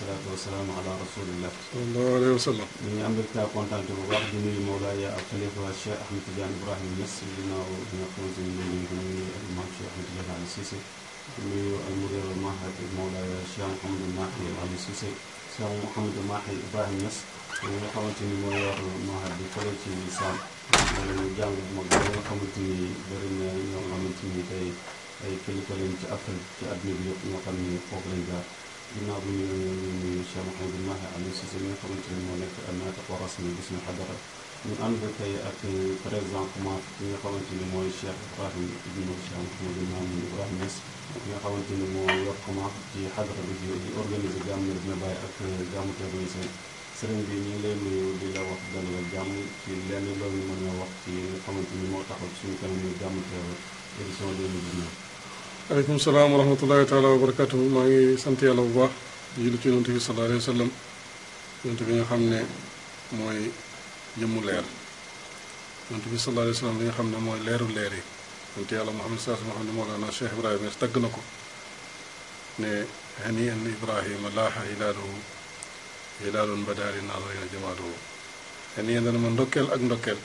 salaatu wa salaam ala rasulillah. sallallahu alayhi wa sallam. ñu ngi am mbégte ak kontaante bu baax di nuyu Mawlaaya ak xalifa Cheikh Ahmed Tidiane Ibrahima Niass ginnaaw bi nga xamante ni ñu ngi nuyu ak maam Cheikh Ahmed Tidiane Ali Cissé di nuyu al mudir al mahad Mawlaaya Cheikh Mouhamadou Mahi Ali Cissé Cheikh Mouhamadou Mahi Ibrahima Niass ñi nga xamante ni mooy yor mahad bi fële ci Sall moo leen jàng bu mag bi nga xamante ni bëri na ñoo xamante ni tey ay kilifa lañ ci Afrique ci àdduna bi yëpp ñoo xam ni foofu lañ jaar. للناظم الشيخ محمد الماهي عن مؤسسة من خرج المملكة المناطق ورسم باسم الحضرة من أنبت أكن بريزان كمات من خرج المو الشيخ إبراهيم بن الشيخ محمد الماهي من إبراهيم ناس من خرج المو يرقمات في حضرة في أورجانيز جام من باي أكن جام تبريز sëriñ bi من ngi lay nuyu di la wax dal la jàmm ci lenn loolu mën a wax ci xamante ni moo taxaw suñu kanam ñu jàmm عليكم السلام ورحمة الله تعالى وبركاته ما هي سنتي على الله جل جل نتي صلى الله عليه وسلم نتي بين خمنة ما هي يوم الليل نتي صلى الله عليه وسلم بين خمنة ما هي ليل الليل نتي على محمد صلى الله عليه وسلم ولا أنا شيخ إبراهيم استجنك نهني أن إبراهيم الله هلاله هلال بدار النار يا جماعه هني أنا من دكيل أن دكيل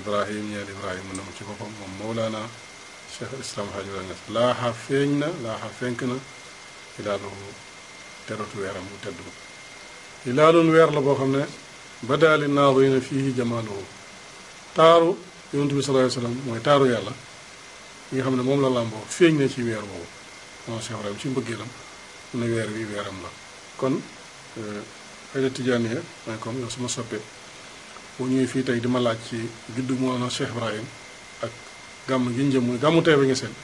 إبراهيم يا إبراهيم نمشي بكم مولانا cheikh al islam xaaju la ñes laaxa feeñ na laaxa fenk na ilaaluhu teratu weeram bu tedd ilaalun weer la boo xam ne ba daali naadina fii jamaaluhu taaru yonent bi sallallahu alayhi wasallam mooy taaru yàlla yi nga xam ne moom la làmboo feeñ na ci weer boobu moom cheikh ibrahim ci mbëggeelam mu ne weer wi weeram la kon euh, ayda tijaaniya mooy comme yow suma soppe bu ñuy fii tey di ma laaj ci juddu moo na cheikh ibrahim gàmm gi njëm muy gàmmu Taïba Niassène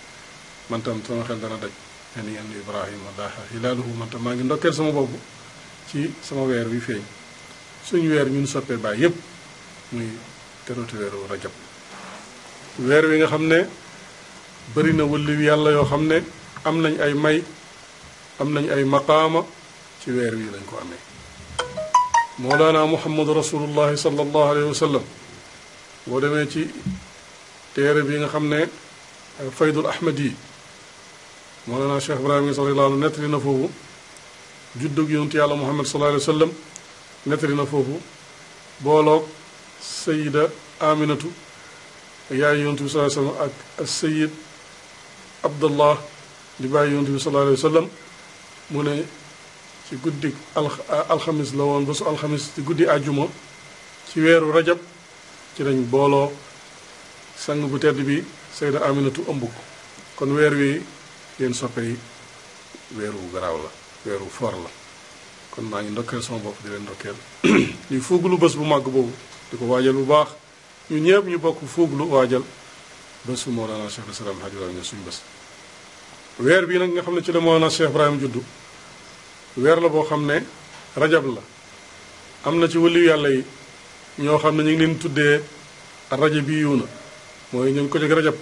man tam sama xel dana daj ne ni yenn Ibrahima daaha hilaaluhu man tam maa ngi ndokkeel sama bopp ci sama weer wi feeñ suñ weer ñun soppee baay yépp muy teroti weeru rajab weer wi nga xam ne bëri na wëlliw yàlla yoo xam ne am nañ ay may am nañ ay maqaama ci weer wi lañ ko amee moolaana muhammadu rasulullahi sallallahu alayhi wa sallam demee ci téere bi nga xam ne faydul ahmad yi moolana cheikh ibrahima ngi sori laalu nettali na foofu juddug yonent yàlla muhammad sallallahu alayhi wa sallam nettali na foofu booloog sayida aminatu yaay yonent bi sallallahu alayhi wa sallam ak sayid abdallah di bàyyi yonent bi sallallahu alayhi wa sallam mu ne ci guddi alxamis la woon bésu alxamis ci guddi àjjuma ci weeru rajab ci lañ booloo sang bu tedd bi sayda aminatu ëmb kon weer wi yeen soppe yi weeru garaaw la weeru for la kon maa ngi ndokkeel sama bopp di leen ndokkeel ñuy fuuglu bés bu màgg boobu di ko waajal bu baax ñu ñëpp ñu bokk fuuglu waajal bésu moolana cheikh al islam hajj ibrahima suñu bés weer bi nag nga xam ne ci la moolana cheikh ibrahim juddu weer la boo xam ne rajab la am na ci wëliw yàlla yi ñoo xam ne ñu ngi leen tuddee rajabiyuuna mooy ñu ngi ko jóg rajab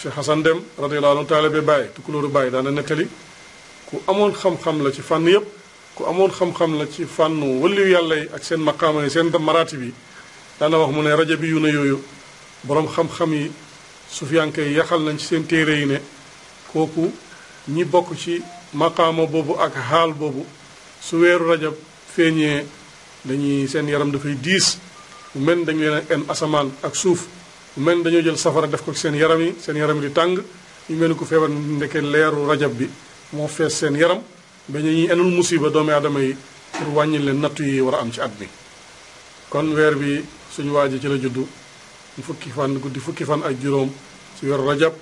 Cheikh Hassan Dem radiyallahu anhu taalibe Baay tukulóoru Baay daana nettali ku amoon xam-xam la ci fànn yëpp ku amoon xam-xam la ci fànn wëlliyu yàlla yi ak seen maqaama yi seen maraati bi daana wax mu ne rajab yi yu ne yooyu boroom xam-xam yi sufiyanke yi yaxal nañ ci seen téere yi ne kooku ñi bokk ci maqaama boobu ak xaal boobu su weeru rajab feeñee dañuy seen yaram dafay diis mu mel dañu leen en asamaan ak suuf mel dañoo jël safara def ko seen yaram yi seen yaram di tàng ñu mel ko feebar ndeke leeru rajab bi moo fees seen yaram ba ñuy enul musiba doomi aadama yi pour wàññi leen nattu yi war a am ci at bi kon weer bi suñu waaji ci la juddu fukki fan guddi fukki fan ak juróom ci rajab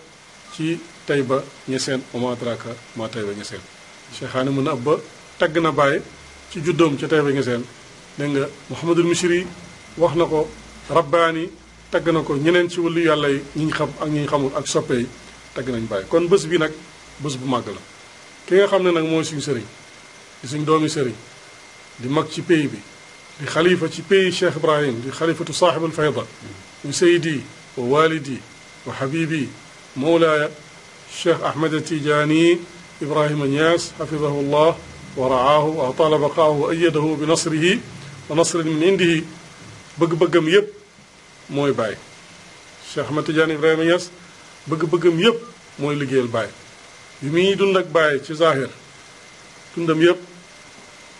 ci tey ba ñeseen ma traka ma tey ba ñeseen cheikhaani mën a ba tagg na bàyyi ci juddoom ci tey ba dégg nga muhammadul wax na ko rabbaani tagg na ko ñeneen ci wëllu yàlla yi ñi xam ak ñi xamul ak soppe yi tagg nañ bàyyi kon bés bi nag bés bu màgg la ki nga xam ne nag mooy suñu sëriñ di suñ doomi sëriñ di mag ci pays bi di xalifa ci pays Cheikh Ibrahim di xalifatu saaxibul fayda ñu saydi wa walidi wa habibi mawlaaya Cheikh Ahmed Tijaani Ibrahima Niass xafidahu llah wa raahu wa atala baqaahu wa ayadahu bi nasrihi wa nasrin min indihi bëgg-bëggam yépp mooy Baye Cheikh Ahmed Tidiane Ibrahima Niass bëgg-bëggam yépp mooy liggéeyal Baye bi muy dund ak Baye ci zahir dundam yépp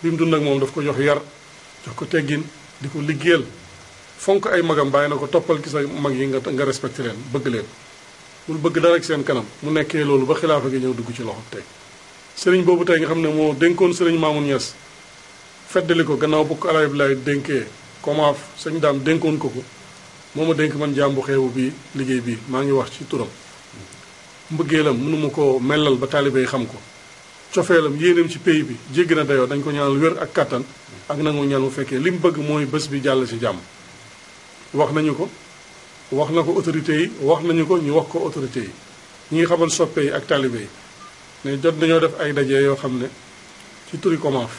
bi mu dund ak moom daf ko jox yar jox ko teggin di ko liggéeyal fonk ay magam bàyyi na ko toppal ki sa mag yi nga nga respecté leen bëgg leen bul bëgg dara ak seen kanam mu nekkee loolu ba xilaafa gi ñëw dugg ci loxo tey sëriñ boobu tey nga xam ne moo dénkoon sëriñ Mamoun Niass feddali ko gannaaw bu ko Alaaji Abdoulaye dénkee commence sëñ daam dénkoon ko ko moo ma dénk man jàmbu xew bi liggéey bi maa ngi wax ci turam mbëggeelam mënuma ko mellal ba taalibe yi xam ko cofeelam yéeneem ci pays bi jéggi na dayoo dañ ko ñaanal wér ak kàttan ak nangu ñaan mu fekkee li mu bëgg mooy bés bi jàll ci jàmm wax nañu ko wax na ko autorités yi wax nañu ko ñu wax ko autorités yi ñi ngi xamal soppe yi ak taalibe yi ne jot nañoo def ay daje yoo xam ne ci turi komaaf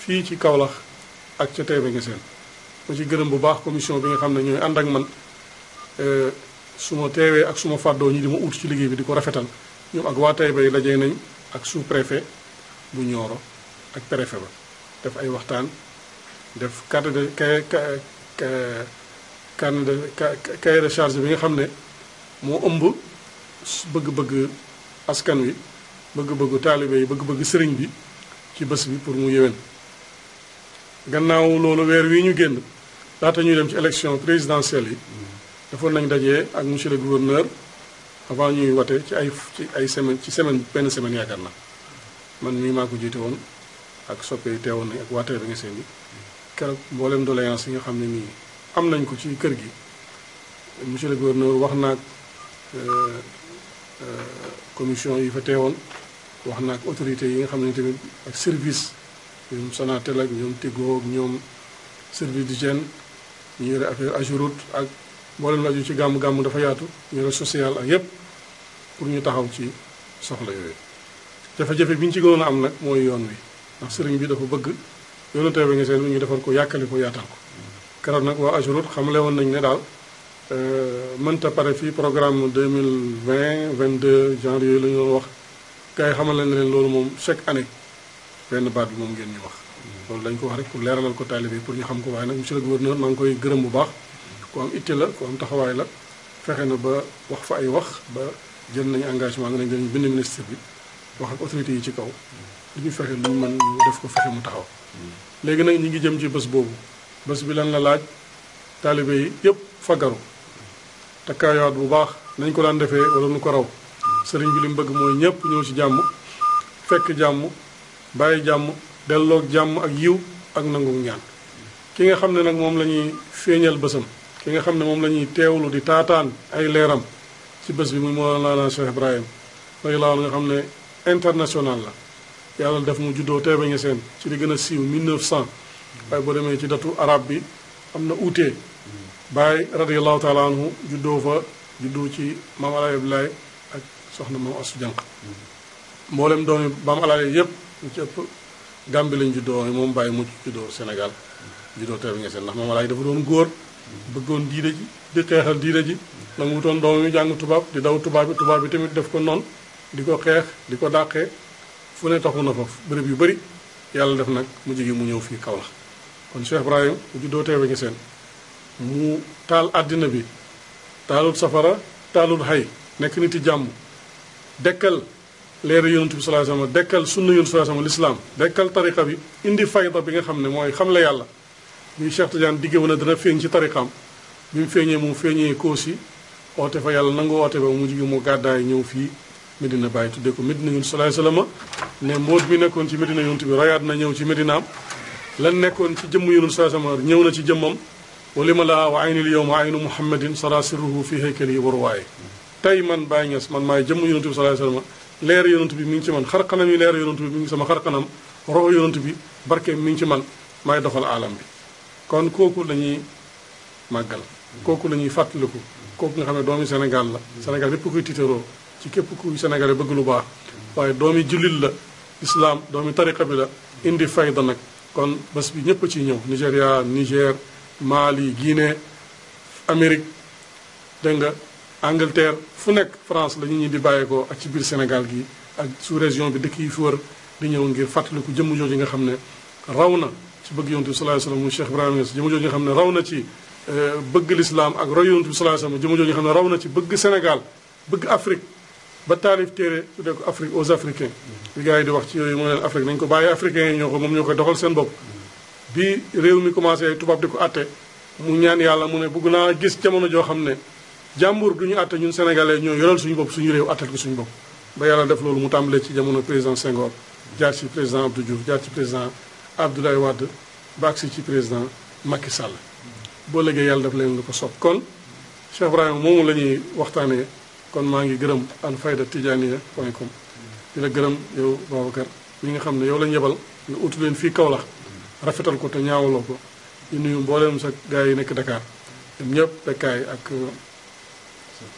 fii ci Kaolack ak ca Taïba Niassène ma ci gërëm bu baax commission bi nga xam ne ñooy ànd ak man euh, su ma teewee ak suma ma fàddoo ñi di ma ut ci liggéey bi di ko rafetal ñoom ak waa Taïba yi dajee nañ ak sous préfet bu Nioro ak préfet ba def ay waxtaan def carte de charge bi nga xam ne moo ëmb bëgg-bëgg askan wi bëgg bëgg taalibe yi bëgg-bëgg sëriñ bi ci bés bi pour mu yéwén gannaaw loolu weer wi ñu génn laata ñuy dem ci élection présidentielle yi defoon nañ daje ak monsieur le gouverneur avant ñuy wate ci ay ci ay semaine ci semaine benn semaine yaakaar na man mii maa ko jiite woon ak soppe yi teewoon nañ ak waatee bi nga seen yi keroog mboolem doléance yi nga xam ne nii am nañ ko ci kër gi monsieur le gouverneur wax naag euh, euh, commission yi fa teewoon wax naag autorité yi nga xam ne tamit ak service ñoom Sonatel ak ñoom Tigo ak ñoom service d'hygiène ñu yore affaire ajurut ak mboolem laju ci gàmm gàmm dafa yaatu ñu yore social ak yépp pour ñu taxaw ci soxla yooyu jafe-jafe bi ñu ci gënoon am nag mooy yoon wi ndax sëriñ bi dafa bëgg yoonu teewe nga seen ñu defal ko yàkkali ko yaatal ko keroog nag waa ajurut xamle woon nañ ne daal euh, mënta pare fii programme 2020 22 janvier yooyu la ñu doon wax gars yi xamal nañ leen loolu moom chaque année benn baat bi moom ngeen ñu wax loolu dañ ko wax rek pour leeralal ko taalibe pour ñu xam ko waaye nag monsieur le gouverneur maa ngi koy gërëm bu baax ku am itti la ku am taxawaay la fexe na ba wax fa ay wax ba jën nañu engagement nga nañ dañu bind ministre bi wax ak autorité yi ci kaw li ñu fexe lu man ñu def ko fexe mu taxaw léegi nag ñu ngi jëm ci bés boobu bés bi lan la laaj taalibe yi yëpp fagaru takkaayaat bu baax nañ ko daan defee wala nu ko raw sëriñ bi li mu bëgg mooy ñëpp ñëw ci jàmm fekk jàmm bàyyi jàmm delloog jàmm ak yiw ak nangu ñaan ki nga xam ne nag moom lañuy feeñal bësam ki nga xam ne moom la ñuy teewlu di taataan ay leeram ci bés bi muy Mawlana Cheikh Ibrahim radiyallaahu anhu nga xam ne international la yàlla def mu juddoo Taïba Niassène ci li gën a siiw 1900 waaye boo demee ci datu arab bi am na uutee Baay radiyallaahu taala anhu juddoo fa juddoo ci maam Alaaji Abdoulaye ak soxna maam Asu Jànq mboolem doomi maam Alaaji yépp gàmbi lañ juddoo moom Baye mu juddoo Sénégal juddoo Taïba Niassène ndax Maam Alaaji dafa doon góor bëggoon diina ji di xeexal diina ji nangu wutoon doom yu jàng tubaab di daw tubaab bi tubaab bi tamit def ko noon di ko xeex di ko dàqee fu ne taxu na fa bërëb yu bari yàlla def nag mu jigi mu ñëw fii Kaolack kon Cheikh Ibrahim mu juddoo Taïba Niassène mu taal àddina bi taalul safara taalul xay nekk niti jàmm dekkal leer yonent bi sallallahu salaa sallam dekkal sunna yonent salaa sallam l'islam dekkal tariqa bi indi fayda bi nga xamne moy xam la yàlla ni Cheikh Tidiane digge wona dana feñ ci tariqam bi mu feñe mu feñe ko koosi ote fa yàlla nango ote ba mu jigi mu gadda ñëw fi Medina Baye tuddee ko Medina yonent salaa sallam ne mbóot bi nekkon ci Medina yonent bi rayat na ñëw ci medina lan nekkon ci jëmm yonent salaa sallam ñëw na ci jëmmam walima laa wa aynil yowma aynu muhammadin sara sirruhu fi haykali wa ruwaaye tey man Baye Niass man maay jëmm yonent bi salaa sallam leer yonent bi mi ngi ci man xar kanam yi leer yonent bi mi ngi sama xar kanam rox yonent bi barke mi ngi ci man may doxal aalam bi kon kooku lañuy ñuy màggal kooku lañuy fàttaliku kooku nga xam ne doomi Sénégal la Sénégal yépp koy tiitaroo ci képp ku Sénégal bëgg lu baax waaye doomi jullit la islaam doomi tariqa bi la indi fayda nag kon bés bi ñépp ci ñëw Nigéria Niger Mali Guinée Amérique dégg nga Angleterre fu nekk France la ñu ñi di bàyyeekoo ak ci biir Sénégal gi ak sous région bi dëkk yi fi wër di ñëw ngir fàttaliku jëmm jooju nga xam ne raw na ci bëgg yonent bi sallallahu alayhi wasallam mu Cheikh Ibrahima Niass jëmm jooju nga xam ne raw na ci euh, bëgg l'islam ak roy yonent bi sallallahu alayhi wasallam jëmm jooju nga xam ne raw na ci bëgg Sénégal bëgg Afrique ba taalif téere tuddee ko Afrique aux Africains li yi di wax ci yooyu mu leen Afrique nañu ko bàyyi africains yi ko moom ñoo koy doxal seen bopp bi réew mi commencé tubaab di ko atte mu ñaan yàlla mu ne bëgg naa gis jamono joo xam ne jàmbur du ñu àtte ñun sénégalais ñoo yoral suñu bopp suñu réew àttal ko suñu bopp ba yàlla def loolu mu tàmbalee ci jamono président Senghor jaar ci président Abdou Diouf jaar ci président Abdoulaye Wade ba agsi ci président Macky Sall boo léegi yàlla def leen lu ko sopp kon Cheikh Ibrahima moomu la ñuy waxtaanee kon maa ngi gërëm Al Fayda Tidianiya point com di la gërëm yow Babacar mi nga xam ne yow lañ yebal nga utu leen fii Kaolack rafetal ko te ñaawaloo ko ñu nuyu mbooleem sa gars yi nekk Dakar ñoom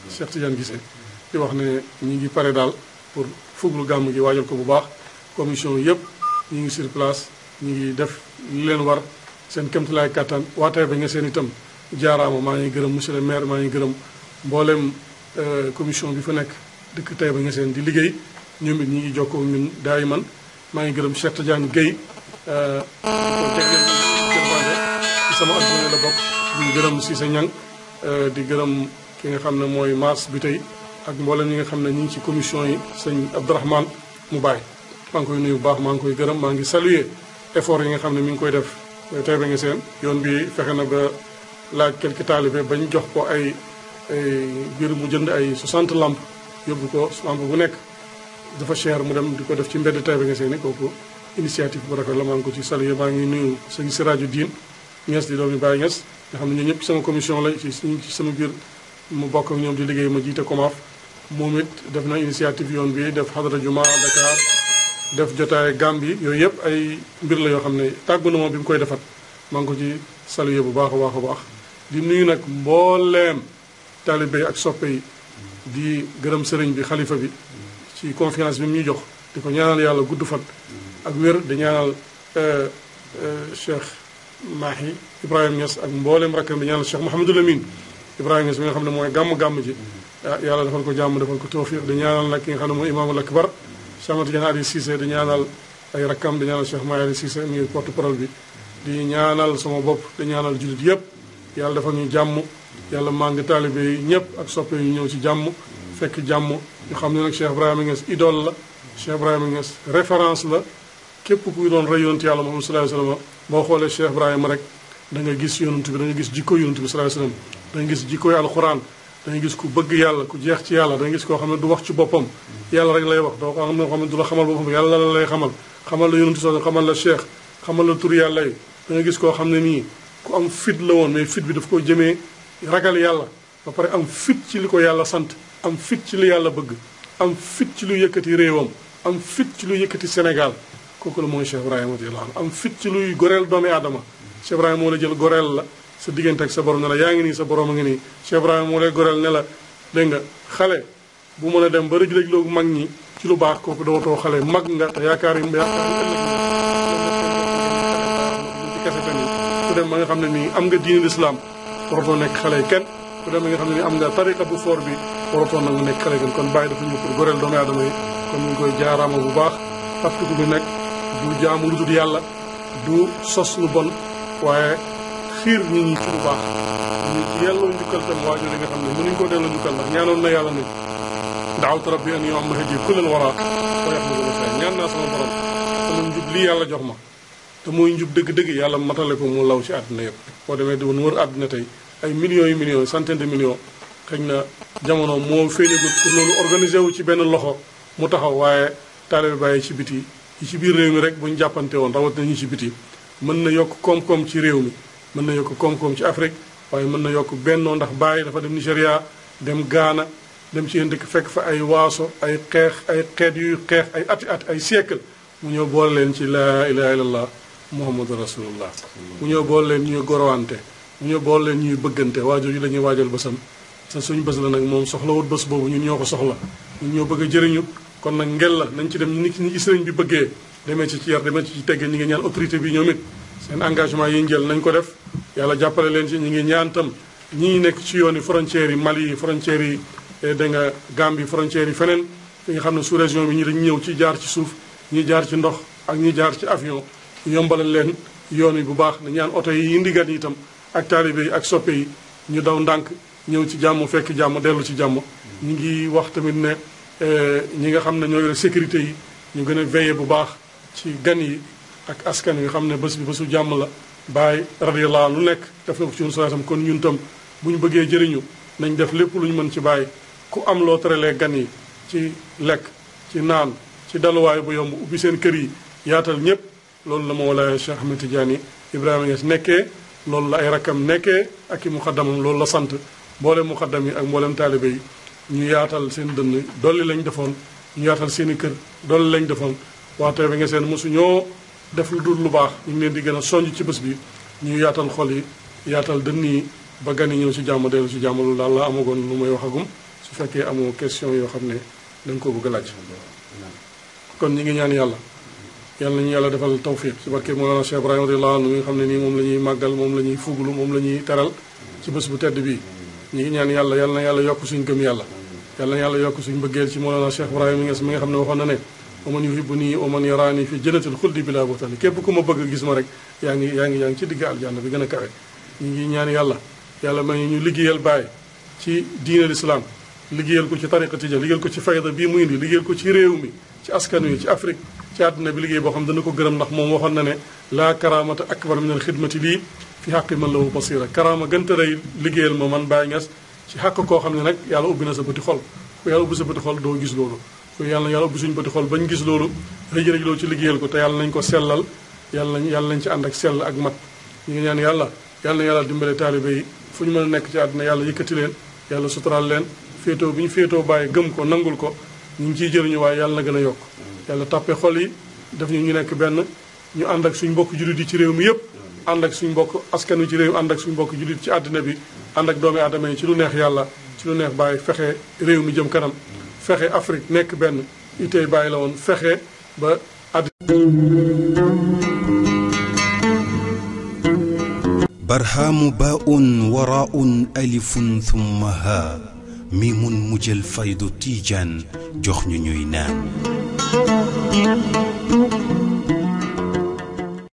Cheikh Tidiane Guissé di wax ne ñi ngi pare daal pour fuglu gàmm gi waajal ko bu baax commission yëpp ñi ngi sur place ñi ngi def li leen war seen kéemtalaay kattan waa Taïba nga seen itam jaaraama maa ngi gërëm monsieur le maire maa ngi gërëm mboolem euh, commission bi fa nekk dëkk Taïba nga seen di liggéey ñoom it ñi ngi jokkoo ñun daay man maa ngi gërëm Cheikh Tidiane Guèye euh, sama adjoint la bokk di gërëm Cissé Niang euh, di gërëm ki nga xam ne mooy mars bi tey ak mboolem ñi nga xam ne ñu ngi ci commission yi sëñ Abdourahmane mu bàyyi maa ngi koy nuyu bu baax maa ngi koy gërëm maa ngi saluer effort yi nga xam ne mu ngi koy def tey ba nga seen yoon bi fexe na ba la quelque taalibe ba ñu jox ko ay ay biir mu jënd ay 60 lamp yóbbu ko lamp bu nekk dafa cher mu dem di ko def ci mbedd tey ba nga seen kooku initiative bu rafet la maa ngi ko ci saluer maa ngi nuyu sëñ Siraaju Diin Ñas di doomi Baay Ñas nga xam ne ñun ñëpp sama commission la ci sama biir mu bokk ak ñoom di liggéey ma jiite COMAF moom it def na initiative yoon bi def xadara juma Dakar def jotaay Gambie yooyu yëpp ay mbir la yoo xam ne tàggu na ma bi mu koy defat maa ngi ko ci salué bu baax a baax a baax di nuyu nag mbooleem taalibe ak soppe yi di gërëm sëriñ bi xalifa bi ci confiance bi mu jox di ko ñaanal yàlla gudd fat ak wér di ñaanal euh, euh, Cheikh Mahi Ibrahima Niass ak mboolem rakkam di ñaanal Cheikh Mouhamadul Amin Ibrahima Niass mi nga xam ne mooy gàmm-gàmm ji ah, yàlla defal ko jàmm defal ko tawfiq di ñaanal nag ki nga xam ne mooy imaamul akbar Cheikh Ahmad Tidiane Ali Cissé di ñaanal ay rakkam di ñaanal Cheikh Mahi Ali Cissé muy porte-parole bi di ñaanal sama bopp di ñaanal jullit yëpp yàlla defal ñu jàmm yàlla màng ngi taalibe yi ñëpp ak soppe yu ñëw ci jàmm fekk jàmm ñu xam ne nag Cheikh Ibrahima Niass idole la Cheikh Ibrahima Niass référence la képp kuy doon rey yonent yàlla Muhammad sallallahu alayhi wa sallam boo xoolee Cheikh Ibrahima rek da nga gis yonent bi da nga gis jikko yonent bi sallallahu alayhi wa da nga gis jikkoy alxuraan da nga gis ku bëgg yàlla ku jeex ci yàlla da gis koo xam ne du wax ci boppam yàlla rek lay wax doo ko am noo xam ne du la xamal boppam yàlla la lay xamal xamal la yonentu sa xamal la cheikh xamal la tur yàlla yi da nga gis koo xam ne nii ku am fit la woon mais fit bi daf ko jëmee ragal yàlla ba pare am fit ci li ko yàlla sant am fit ci lu yàlla bëgg am fit ci luy yëkkati réewam am fit ci luy yëkkati Sénégal kooku la mooy Cheikh Ibrahima radiyallahu anhu am fit ci luy goreel doomi aadama Cheikh Ibrahima moo la jël goreel la sa diggante ak sa borom ne la yaa ngi sa borom a ngi nii Cheikh ibrahim mo lay goral ne la dégg nga xale bu mën dem ba rëj-rëj loogu mag ni ci lu baax do to xale mag nga ta yaakaar yi yaakaar yi ci kese tamit ku dem ba nga xam ni am nga diine lislaam waratoo nek xale ken ko dem nga xam ni am nga tariqa bu for bi waratoo nak nek xale kenn kon baye dafa ñu ko goral do nga adamay kon ñu koy jaaraama bu baax parce que bi nag du jaamu lu dul yalla du sos lu bon waye xiir nañu ci lu baax ñu yelloo njukkal tam waajur yi nga xam ne mënuñ koo delloo njukkal ndax ñaanoon na yàlla ne daawtu rabbi an yoo am ma yi kullal waraa koo yax ma yàlla jox ma te mooy njub dëgg-dëgg yàlla matale ko mu law ci àdduna yëpp boo demee di woon wër àdduna tey ay millions yu millions centaine de millions na jamono moo feeñagut pour loolu organisé wu ci benn loxo mu taxaw waaye taalibe bàyyi ci biti yi ci biir réew mi rek bu ñu jàppante woon rawat nañu ci biti mën na yokk koom ci réew mi mën na yokk koom-koom ci Afrique waaye mën na yokk bennoo ndax bàyyi dafa dem Nigéria dem gaana dem ci yéen dëkk fekk fa ay waaso ay xeex ay xeet yuy xeex ay ati at ay siècle mu ñëw boole leen ci laa ilaha illallah muhammadu rasulullah mu ñëw boole leen ñuy gorowante mu ñëw boole leen ñuy bëggante waajur yi la waajal bësam sa suñu bés la nag moom soxlawut bés boobu ñun ñoo ko soxla ñun ñoo bëgg a jëriñu kon nag ngel la nañ ci dem nit ñi sëriñ bi bëggee demee ci ci yar demee ci ci teggee ñi ngi ñaan autorité bi ñoom seen engagement yi ñu nañ ko def yàlla jàppale leen ci ñu ngi ñaan tam ñi ngi nekk ci yoon yi frontières yi mal yi frontières yi eh, danga nga Gambie frontières yi feneen fi nga xam ne sous région bi ñi dañu ñëw ci jaar ci suuf ñi jaar ci ndox ak ñi jaar ci avion yombalal leen yoon yi bu baax na ñaan oto yi indi gan itam ak taalibe yi ak soppe yi ñu daw ndànk ñëw ci jàmm fekk jàmm dellu ci jàmm ñu ngi wax tamit ne eh, ñi nga xam ne ñoo yore sécurité yi ñu gën a veiller bu baax ci gan yi ak askan wi xam ne bés bi bésu jàmm la Baay radiyallahu anhu lu nekk def na ko ci ñun salaasam kon ñun tam bu ñu bëggee jëriñu nañ def lépp lu ñu mën ci bàyyi ku am loo tëralee gan yi ci lekk ci naan ci daluwaay bu yomb ubbi seen kër yi yaatal ñépp loolu la Mawlaaya Cheikh Ahmed Tidiane Ibrahima Niass nekkee loolu la ay rakkam nekkee ak i muxaddamam loolu la sant mboolem muxaddam yi ak mboolem taalibe yi ñu yaatal seen dënn dolli lañ defoon ñu yaatal seen i kër dolli lañ defoon def lu dul lu baax ñu ngi leen di gën a soññ ci bés bi ñu yaatal xol yi yaatal dënn yi ba gan yi ñëw si jàmm dellu si jàmm lu daal la amagoon lu may waxagum su fekkee amoo question yoo xam ne dañ ko bëgg laaj kon ñi ngi ñaan yàlla yàlla nañu yàlla defal tawfiq ci barke Mawlana Cheikh Ibrahima radiyallahu anhu mi xam ne nii moom la ñuy màggal moom la ñuy fuglu moom la ñuy teral ci bés bu tedd bii ñi ngi yàlla yàlla na yàlla yokk suñ gëm yàlla yàlla na yàlla yokk suñ mbëggeel ci Mawlana Cheikh Ibrahima mi nga mi nga xam ne waxoon na ne waman yuhibbuni waman yaraani fi jannatil xuldi bilaa buhtaani képp ku ma bëgg gis ma rek yaa ngi yaa ngi yaa ngi ci digg aljanna bi gën a kawe ñu ngi ñaan yàlla yàlla may ñu liggéeyal Baay ci diinal islaam liggéeyal ko ci tariqa tija liggéeyal ko ci fayda bii mu indi liggéeyal ko ci réew mi ci askan wi ci Afrique ci àdduna bi liggéey boo xam dana ko gërëm ndax moom waxoon na ne laa karamata akbar min al xidmati lii fi xaqi man lahu basira karama gënta rëy liggéeyal ma man Baay Ñas ci xàq koo xam ne nag yàlla ubbi na sa bëti xol ku yàlla ubbi sa bëti xol doo gis loolu yàlla na yàlla ubbi suñu bëti xol bañ gis loolu rëj rëj ci liggéeyal ko te yàlla nañ ko sellal yàlla nañ yàlla nañ ci ànd ak sell ak mat ñu ngi ñaan yàlla yàlla yàlla dimbale taalibe yi fu ñu mën a nekk ci àddina yàlla yëkkati leen yàlla suturaal leen féetoo bi ñu féetoo bàyyi gëm ko nangul ko ñu ngi ciy jëriñu waaye yàlla na gën a yokk yàlla tàppe xol yi def ñu ñu nekk benn ñu ànd ak suñu mbokk jullit yi ci réew mi yëpp ànd ak suñu mbokk askan wi ci réew ànd ak suñu mbokk jullit ci àddina bi ànd ak doomi aadama yi ci lu neex yàlla ci lu neex bàyyi fexe réew mi jëm kanam fexe Afrique nekk benn itey bàyyi la woon fexe ba برهام باء وراء ألف ثم ها ميم مجل فيض تيجان جخن نيوينان